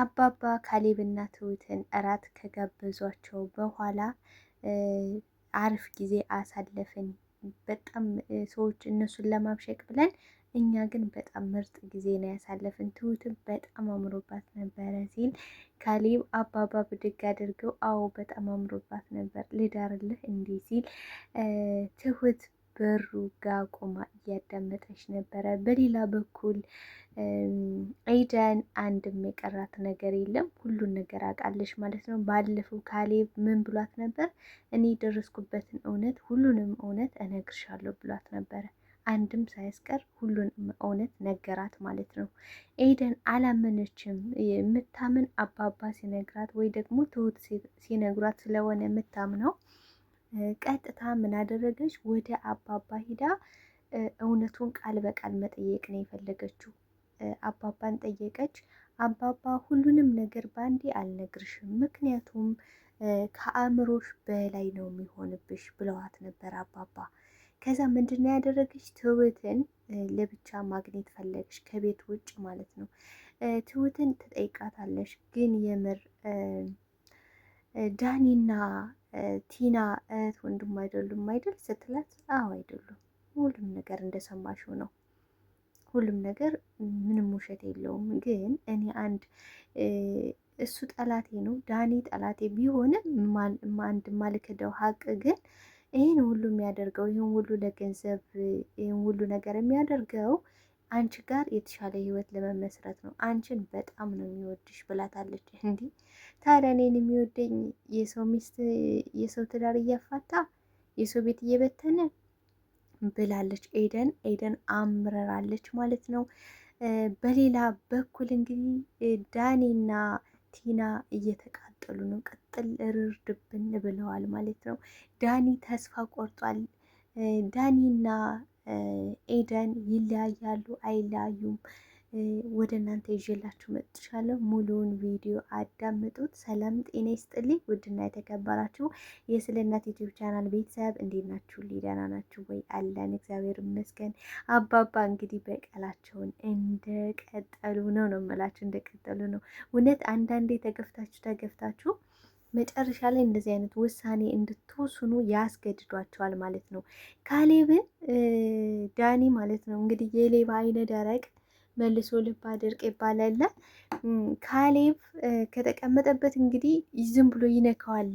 አባባ ካሌብና ትሁትን እራት ከጋበዟቸው በኋላ አሪፍ ጊዜ አሳለፍን። በጣም ሰዎች እነሱን ለማብሸቅ ብለን እኛ ግን በጣም ምርጥ ጊዜ ነው ያሳለፍን። ትሁትን በጣም አምሮባት ነበረ ሲል ካሌብ አባባ ብድግ አድርገው አዎ በጣም አምሮባት ነበር ልዳርልህ እንዲህ ሲል ትሁት በሩ ጋር ቆማ እያዳመጠች ነበረ። በሌላ በኩል ኤደን አንድም የቀራት ነገር የለም፣ ሁሉን ነገር አውቃለች ማለት ነው። ባለፈው ካሌብ ምን ብሏት ነበር? እኔ የደረስኩበትን እውነት ሁሉንም እውነት እነግርሻለሁ ብሏት ነበረ። አንድም ሳያስቀር ሁሉንም እውነት ነገራት ማለት ነው። ኤደን አላመነችም። የምታምን አባባ ሲነግራት ወይ ደግሞ ትሁት ሲነግሯት ስለሆነ የምታምነው ቀጥታ ምን አደረገች? ወደ አባባ ሂዳ እውነቱን ቃል በቃል መጠየቅ ነው የፈለገችው። አባባን ጠየቀች። አባባ ሁሉንም ነገር ባንዴ አልነግርሽም፣ ምክንያቱም ከአእምሮሽ በላይ ነው የሚሆንብሽ ብለዋት ነበር አባባ። ከዛ ምንድን ነው ያደረገች? ትሁትን ለብቻ ማግኘት ፈለግሽ፣ ከቤት ውጭ ማለት ነው። ትሁትን ትጠይቃታለች፣ ግን የምር ዳኒና ቲና እህት ወንድም አይደሉም አይደል ስትላት፣ አዎ አይደሉም፣ ሁሉም ነገር እንደሰማሽው ነው። ሁሉም ነገር ምንም ውሸት የለውም። ግን እኔ አንድ እሱ ጠላቴ ነው፣ ዳኒ ጠላቴ ቢሆንም አንድ ማልክደው ሀቅ ግን ይህን ሁሉ የሚያደርገው ይህን ሁሉ ለገንዘብ ይህን ሁሉ ነገር የሚያደርገው አንቺ ጋር የተሻለ ህይወት ለመመስረት ነው። አንቺን በጣም ነው የሚወድሽ ብላታለች። እንዲህ ታዲያ እኔን የሚወደኝ የሰው ሚስት የሰው ትዳር እያፋታ የሰው ቤት እየበተነ ብላለች። ኤደን ኤደን አምረራለች ማለት ነው። በሌላ በኩል እንግዲህ ዳኒና ቲና እየተቃጠሉ ነው። ቅጥል እርር ድብን ብለዋል ማለት ነው። ዳኒ ተስፋ ቆርጧል። ዳኒና ኤደን ይለያያሉ አይለያዩም ወደ እናንተ ይዤላችሁ መጥቻለሁ። ሙሉውን ቪዲዮ አዳምጡት። ሰላም ጤና ይስጥልኝ። ውድና የተከበራችሁ የስልነት ዩቲዩብ ቻናል ቤተሰብ እንዴት ናችሁ? ደህና ናችሁ ወይ? አለን እግዚአብሔር ይመስገን። አባባ እንግዲህ በቀላቸውን እንደቀጠሉ ነው ነው የምላችሁ፣ እንደቀጠሉ ነው። እውነት አንዳንዴ ተገፍታችሁ ተገፍታችሁ መጨረሻ ላይ እንደዚህ አይነት ውሳኔ እንድትወስኑ ያስገድዷቸዋል ማለት ነው። ካሌብን ዳኒ ማለት ነው እንግዲህ የሌባ አይነ ደረቅ መልሶ ልባ ድርቅ ይባላል። ካሌብ ከተቀመጠበት እንግዲህ ዝም ብሎ ይነካዋል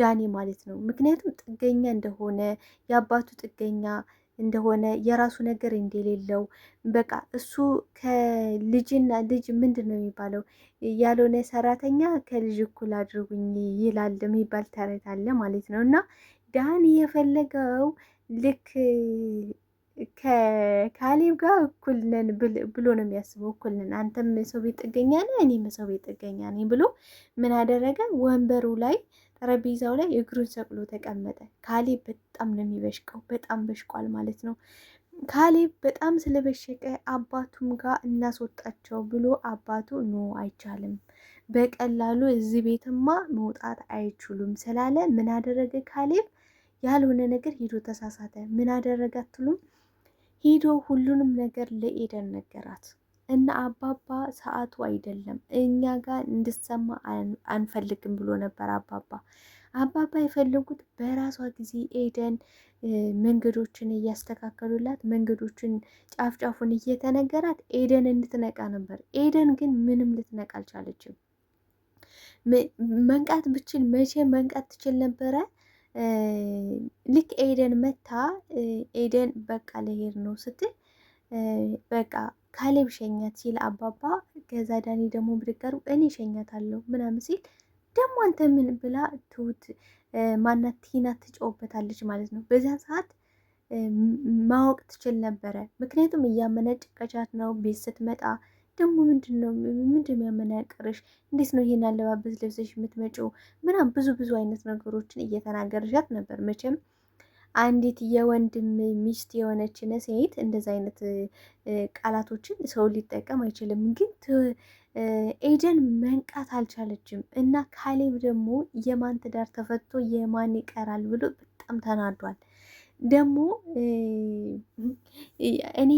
ዳኒ ማለት ነው። ምክንያቱም ጥገኛ እንደሆነ የአባቱ ጥገኛ እንደሆነ የራሱ ነገር እንደሌለው በቃ እሱ ከልጅና ልጅ ምንድን ነው የሚባለው ያልሆነ ሰራተኛ ከልጅ እኩል አድርጉኝ ይላል የሚባል ተረት አለ ማለት ነው። እና ዳኒ የፈለገው ልክ ከካሌብ ጋር እኩል ነን ብሎ ነው የሚያስበው። እኩል ነን፣ አንተም ሰው ቤት ጥገኛ ነህ፣ እኔም ሰው ቤት ጥገኛ ነኝ ብሎ ምን አደረገ ወንበሩ ላይ ጠረጴዛው ላይ እግሩን ሰቅሎ ተቀመጠ። ካሌብ በጣም ነው የሚበሽቀው፣ በጣም በሽቋል ማለት ነው። ካሌብ በጣም ስለበሸቀ አባቱም ጋር እናስወጣቸው ብሎ አባቱ ኖ አይቻልም፣ በቀላሉ እዚህ ቤትማ መውጣት አይችሉም ስላለ ምን አደረገ ካሌብ? ያልሆነ ነገር ሂዶ ተሳሳተ። ምን አትሉም? ሂዶ ሁሉንም ነገር ለኤደን ነገራት። እና አባባ ሰዓቱ አይደለም እኛ ጋር እንድሰማ አንፈልግም ብሎ ነበር አባባ። አባባ የፈለጉት በራሷ ጊዜ ኤደን መንገዶችን እያስተካከሉላት መንገዶችን ጫፍ ጫፉን እየተነገራት ኤደን እንድትነቃ ነበር። ኤደን ግን ምንም ልትነቃ አልቻለችም። መንቃት ብችል መቼ መንቃት ትችል ነበረ? ልክ ኤደን መታ ኤደን በቃ ለሄድ ነው ስትል በቃ ካሌብ ሸኛት ሲል አባባ ከዛ ዳኒ ደግሞ ብድጋሩ እኔ አለው ምናምን ሲል ደግሞ አንተ ምን ብላ ትሁት ማናት ቲና ትጮውበታለች ማለት ነው። በዚያን ሰዓት ማወቅ ትችል ነበረ። ምክንያቱም እያመነጭቀቻት ነው። ቤት ስትመጣ ደግሞ ምንድን ነው ምንድን እንዴት ነው ይሄን አለባበስ ለብሰሽ የምትመጪው? ምናም ብዙ ብዙ አይነት ነገሮችን እየተናገረሻት ነበር መቼም አንዲት የወንድም ሚስት የሆነችን ሴት እንደዚ አይነት ቃላቶችን ሰው ሊጠቀም አይችልም። ግን ኤደን መንቃት አልቻለችም እና ካሌብ ደግሞ የማን ትዳር ተፈቶ የማን ይቀራል ብሎ በጣም ተናዷል። ደግሞ እኔ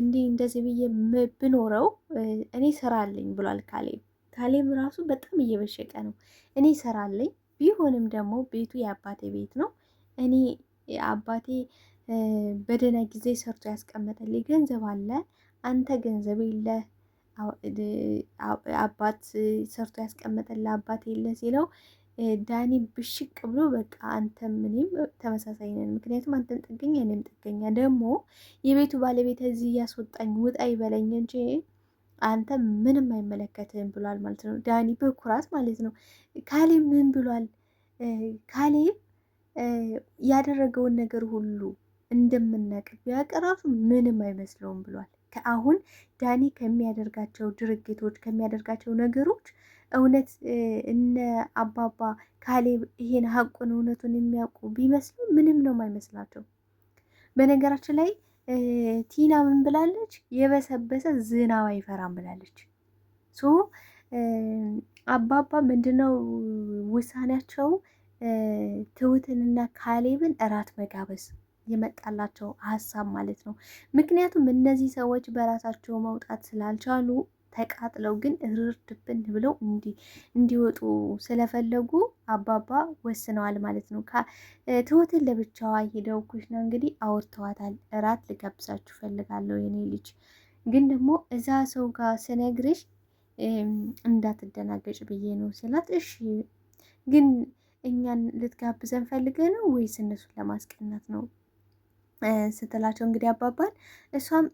እንዲህ እንደዚህ ብዬ ብኖረው እኔ ስራ አለኝ ብሏል ካሌብ። ካሌብ ራሱ በጣም እየበሸቀ ነው። እኔ ስራ አለኝ ቢሆንም ደግሞ ቤቱ የአባቴ ቤት ነው እኔ አባቴ በደህና ጊዜ ሰርቶ ያስቀመጠልኝ ገንዘብ አለ፣ አንተ ገንዘብ የለ አባት ሰርቶ ያስቀመጠል አባት የለ ሲለው ዳኒ ብሽቅ ብሎ በቃ አንተ እኔም ተመሳሳይ ነን፣ ምክንያቱም አንተም ጥገኛ እኔም ጥገኛ። ደግሞ የቤቱ ባለቤት እዚህ እያስወጣኝ ውጣ ይበለኝ እንጂ አንተ ምንም አይመለከትህም ብሏል ማለት ነው። ዳኒ በኩራት ማለት ነው። ካሌብ ምን ብሏል? ካሌብ ያደረገውን ነገር ሁሉ እንደምናቅ ቢያቀራፍ ራሱ ምንም አይመስለውም ብሏል። ከአሁን ዳኒ ከሚያደርጋቸው ድርጊቶች ከሚያደርጋቸው ነገሮች እውነት እነ አባባ ካሌብ ይሄን ሀቁን እውነቱን የሚያውቁ ቢመስሉ ምንም ነው አይመስላቸው። በነገራችን ላይ ቲና ምን ብላለች? የበሰበሰ ዝናብ አይፈራም ብላለች። ሶ አባባ ምንድነው ውሳኔያቸው ትሁትንና ካሌብን እራት መጋበዝ የመጣላቸው ሀሳብ ማለት ነው። ምክንያቱም እነዚህ ሰዎች በራሳቸው መውጣት ስላልቻሉ ተቃጥለው ግን ርርድብን ብለው እንዲወጡ ስለፈለጉ አባባ ወስነዋል ማለት ነው። ትሁትን ለብቻዋ ሄደው ኩሽና እንግዲህ አውርተዋታል። እራት ልጋብዛችሁ ፈልጋለሁ የኔ ልጅ ግን ደግሞ እዛ ሰው ጋር ስነግርሽ እንዳትደናገጭ ብዬ ነው ስላት እሺ ግን እኛን ልትጋብዘን ፈልገህ ነው ወይስ እነሱን ለማስቀናት ነው ስትላቸው እንግዲህ አባባል እሷም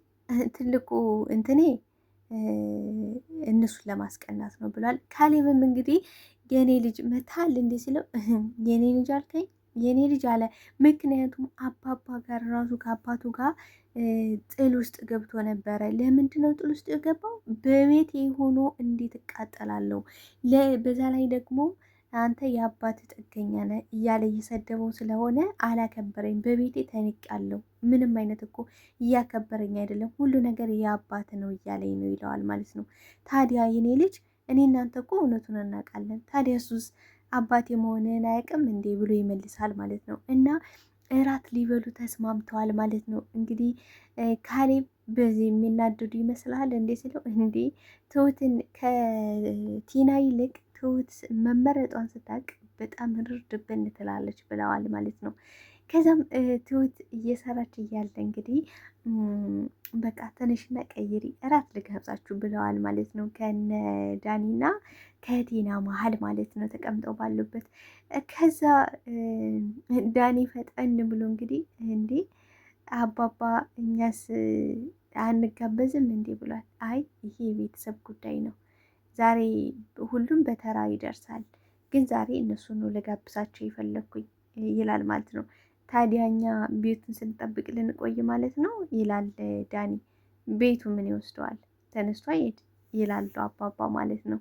ትልቁ እንትኔ እነሱን ለማስቀናት ነው ብሏል። ካሌብም እንግዲህ የኔ ልጅ መታል እንዴ ሲለው የኔ ልጅ አልከኝ የኔ ልጅ አለ። ምክንያቱም አባባ ጋር ራሱ ከአባቱ ጋር ጥል ውስጥ ገብቶ ነበረ። ለምንድነው ጥል ውስጥ የገባው? በቤት ሆኖ እንዴት እቃጠላለሁ? በዛ ላይ ደግሞ አንተ የአባት ጥገኛ ነህ እያለ እየሰደበው ስለሆነ አላከበረኝ፣ በቤቴ ተንቄያለሁ። ምንም አይነት እኮ እያከበረኝ አይደለም፣ ሁሉ ነገር የአባት ነው እያለኝ ነው ይለዋል ማለት ነው። ታዲያ የኔ ልጅ እኔ እናንተ እኮ እውነቱን እናውቃለን። ታዲያ እሱስ አባት የመሆንህን አያውቅም እንዴ ብሎ ይመልሳል ማለት ነው። እና እራት ሊበሉ ተስማምተዋል ማለት ነው። እንግዲህ ካሌብ በዚህ የሚናደዱ ይመስልሃል እንዴ ስለው እንዴ ትሁትን ከቲና ይልቅ ትሁት መመረጧን ስታቅ በጣም ርድብ ድብን ትላለች ብለዋል ማለት ነው። ከዛም ትሁት እየሰራች እያለ እንግዲህ በቃ ተነሽና ቀይሪ እራት ልጋብዛችሁ ብለዋል ማለት ነው። ከነ ዳኒና ከቴና መሀል ማለት ነው ተቀምጠው ባሉበት ከዛ ዳኒ ፈጠን ብሎ እንግዲህ እንዴ አባባ እኛስ አንጋበዝም እንዴ ብሏል። አይ ይሄ የቤተሰብ ጉዳይ ነው ዛሬ ሁሉም በተራ ይደርሳል፣ ግን ዛሬ እነሱን ነው ልጋብዛቸው የፈለግኩኝ ይላል ማለት ነው። ታዲያኛ ቤቱን ስንጠብቅ ልንቆይ ማለት ነው ይላል ዳኒ። ቤቱ ምን ይወስደዋል? ተነስቶ አይሄድ ይላሉ አባባ ማለት ነው።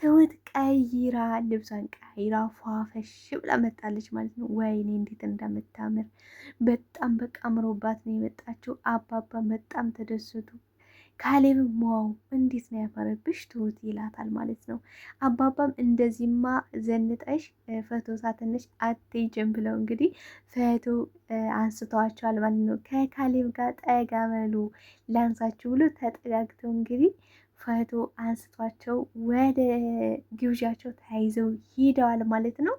ትሁት ቀይራ ልብሷን ቀይራ ፏፈሽ ብላ መጣለች ማለት ነው። ወይኔ እንዴት እንደምታምር በጣም በቃ አምሮባት ነው የመጣችው። አባባ በጣም ተደሰቱ። ካሌብ ዋው እንዴት ነው ያፈረብሽ ትሁት ይላታል ማለት ነው። አባባም እንደዚህማ ዘንጠሽ ፈቶ ሳትነሽ አትሄጂም ብለው እንግዲህ ፈቶ አንስተዋቸዋል ማለት ነው። ከካሌብ ጋር ጠጋ በሉ ላንሳችሁ ብሎ ተጠጋግተው እንግዲህ ፈቶ አንስቷቸው ወደ ግብዣቸው ተያይዘው ሂደዋል ማለት ነው።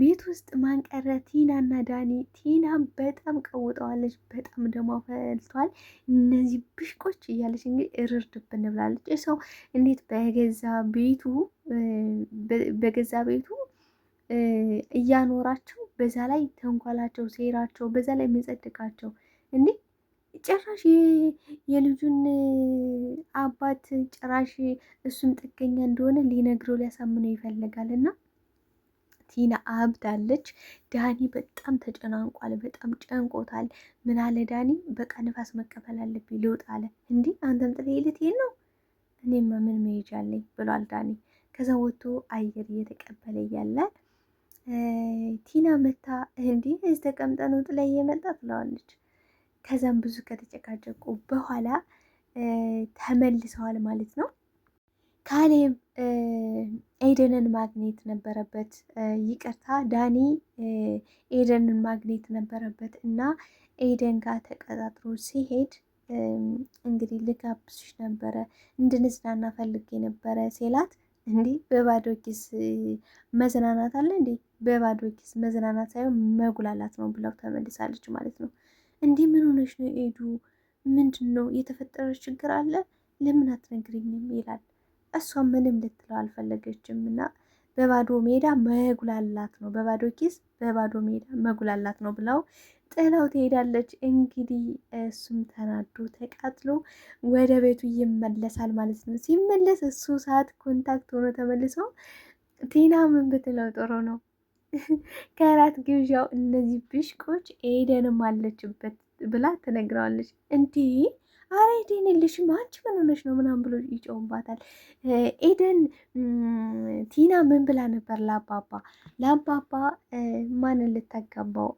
ቤት ውስጥ ማንቀረ ቲና እና ዳኒ ቲናም በጣም ቀውጠዋለች። በጣም ደግሞ ፈልቷል። እነዚህ ብሽቆች እያለች እንግዲህ እርርድብ እንብላለች። ሰው እንዴት በገዛ ቤቱ በገዛ ቤቱ እያኖራቸው በዛ ላይ ተንኳላቸው፣ ሴራቸው በዛ ላይ የሚጸድቃቸው እንዴ ጭራሽ የልጁን አባት ጭራሽ እሱም ጥገኛ እንደሆነ ሊነግረው ሊያሳምነው ይፈልጋል እና ቲና አብዳለች። ዳኒ በጣም ተጨናንቋል። በጣም ጨንቆታል። ምን አለ ዳኒ፣ በቃ ንፋስ መቀበል አለብኝ ልውጥ አለ። እንዲህ አንተም ጥለህ ልትሄድ ነው? እኔማ ምን መሄጃ አለኝ ብሏል ዳኒ። ከዛ ወጥቶ አየር እየተቀበለ እያለ ቲና መታ፣ እንዲህ እዚህ ተቀምጠ ነው ጥለህ እየመጣ ትለዋለች። ከዛም ብዙ ከተጨቃጨቁ በኋላ ተመልሰዋል ማለት ነው ካሌብ ኤደንን ማግኘት ነበረበት። ይቅርታ ዳኒ ኤደንን ማግኘት ነበረበት እና ኤደን ጋር ተቀጣጥሮ ሲሄድ እንግዲህ ልጋብዝሽ ነበረ እንድንዝናና ፈልጌ ነበረ ሲላት፣ እንዲህ በባዶ ኪስ መዝናናት አለ እንዲህ በባዶ ኪስ መዝናናት ሳይሆን መጉላላት ነው ብለው ተመልሳለች ማለት ነው። እንዲህ ምን ሆነሽ ነው ኤዱ? ምንድን ነው የተፈጠረ ችግር አለ? ለምን አትነግሪኝም? ይላል እሷ ምንም ልትለው አልፈለገችም እና በባዶ ሜዳ መጉላላት ነው፣ በባዶ ኪስ በባዶ ሜዳ መጉላላት ነው ብለው ጥለው ትሄዳለች። እንግዲህ እሱም ተናዶ ተቃጥሎ ወደ ቤቱ ይመለሳል ማለት ነው። ሲመለስ እሱ ሰዓት ኮንታክት ሆኖ ተመልሶ ቴና ምን ብትለው ጥሩ ነው ከራት ግብዣው እነዚህ ብሽቆች ኤደንም አለችበት ብላ ትነግረዋለች እንዲህ አረ ኤደን የለሽም አንቺ ምን ሆነሽ ነው ምናምን ብሎ ይጮውባታል። ኤደን ቲና ምን ብላ ነበር ለአባባ ለአባባ ማንን ልታጋባው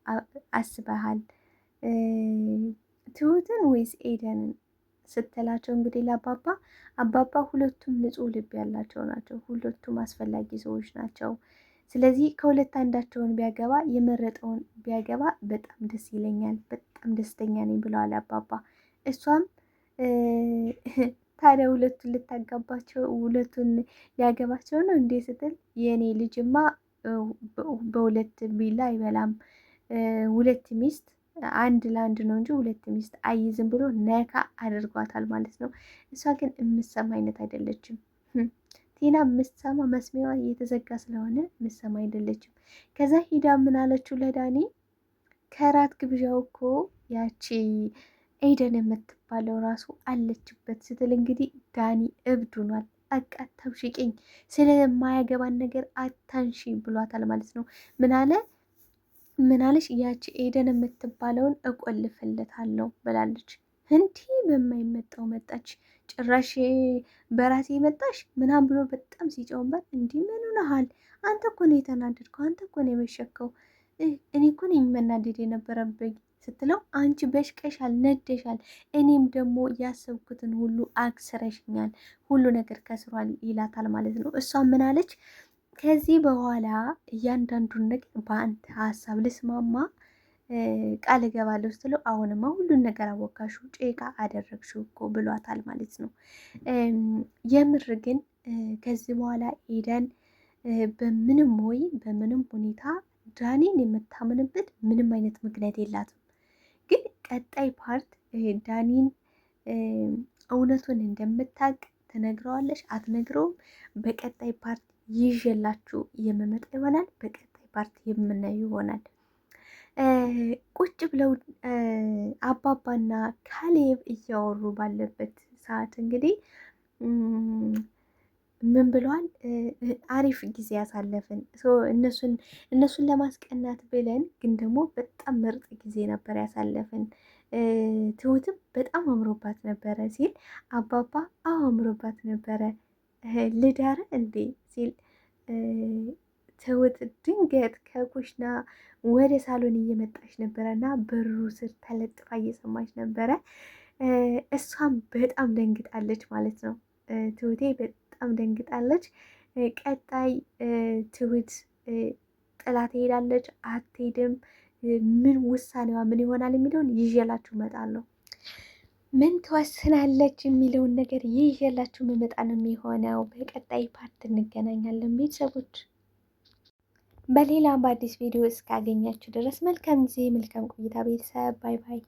አስበሃል ትሁትን ወይስ ኤደንን ስትላቸው እንግዲህ ለአባባ አባባ ሁለቱም ንጹህ ልብ ያላቸው ናቸው። ሁለቱም አስፈላጊ ሰዎች ናቸው። ስለዚህ ከሁለት አንዳቸውን ቢያገባ የመረጠውን ቢያገባ በጣም ደስ ይለኛል፣ በጣም ደስተኛ ነኝ ብለዋል አባባ እሷም ታዲያ ሁለቱን ልታጋባቸው ሁለቱን ሊያገባቸው ነው እንዴ ስትል የእኔ ልጅማ በሁለት ቢላ አይበላም፣ ሁለት ሚስት አንድ ለአንድ ነው እንጂ ሁለት ሚስት አይዝም ብሎ ነካ አድርጓታል ማለት ነው። እሷ ግን የምትሰማ አይነት አይደለችም። ቲና የምትሰማ መስሚዋ እየተዘጋ ስለሆነ የምትሰማ አይደለችም። ከዛ ሂዳ ምን አለችው ለዳኒ ከራት ግብዣው እኮ ያቺ ኤደን የምትባለው ራሱ አለችበት ስትል እንግዲህ ዳኒ እብድ ሆኗል። በቃ አታብሽቂኝ፣ ስለማያገባን ነገር አታንሺ ብሏታል ማለት ነው። ምናለ ምናለሽ ያቺ ኤደን የምትባለውን እቆልፍለታለሁ ብላለች። እንዲህ በማይመጣው መጣች። ጭራሽ በራሴ መጣሽ ምናም ብሎ በጣም ሲጨውንበት፣ እንዲህ ምን ሆነሃል አንተ እኮ ነው የተናደድከው፣ አንተ እኮ ነው የበሸከው እኔ እኮ ነኝ መናደድ የነበረብኝ ስትለው አንቺ በሽቀሻል፣ ነደሻል። እኔም ደግሞ ያሰብኩትን ሁሉ አክስረሽኛል፣ ሁሉ ነገር ከስሯል ይላታል ማለት ነው። እሷ ምን አለች? ከዚህ በኋላ እያንዳንዱን ነገር በአንተ ሀሳብ ልስማማ ቃል እገባለሁ ስትለው አሁንማ ሁሉን ነገር አወካሹ ጭቃ አደረግሹ እኮ ብሏታል ማለት ነው። የምር ግን ከዚህ በኋላ ኤደን በምንም ወይ በምንም ሁኔታ ዳኒን የምታምንበት ምንም አይነት ምክንያት የላትም። ግን ቀጣይ ፓርት ዳኒን እውነቱን እንደምታቅ ትነግረዋለች፣ አትነግረውም? በቀጣይ ፓርት ይዤላችሁ የምመጣ ይሆናል። በቀጣይ ፓርት የምናየው ይሆናል። ቁጭ ብለው አባባና ካሌብ እያወሩ ባለበት ሰዓት እንግዲህ ምን ብሏል? አሪፍ ጊዜ ያሳለፍን እነሱን ለማስቀናት ብለን ግን ደግሞ በጣም ምርጥ ጊዜ ነበር ያሳለፍን። ትሁትም በጣም አምሮባት ነበረ ሲል አባባ አዎ አምሮባት ነበረ ልዳር እንዴ ሲል ትሁት ድንገት ከኩሽና ወደ ሳሎን እየመጣች ነበረ እና በሩ ስር ተለጥፋ እየሰማች ነበረ። እሷም በጣም ደንግጣለች ማለት ነው። ትሁቴ በጣም ደንግጣለች። ቀጣይ ትሁት ጥላ ትሄዳለች አትሄድም፣ ምን ውሳኔዋ ምን ይሆናል የሚለውን ይዤላችሁ እመጣለሁ። ምን ትወስናለች የሚለውን ነገር ይዤላችሁ መመጣ ነው የሚሆነው። በቀጣይ ፓርት እንገናኛለን ቤተሰቦች። በሌላ በአዲስ ቪዲዮ እስካገኛችሁ ድረስ መልካም ጊዜ፣ መልካም ቆይታ ቤተሰብ። ባይ ባይ።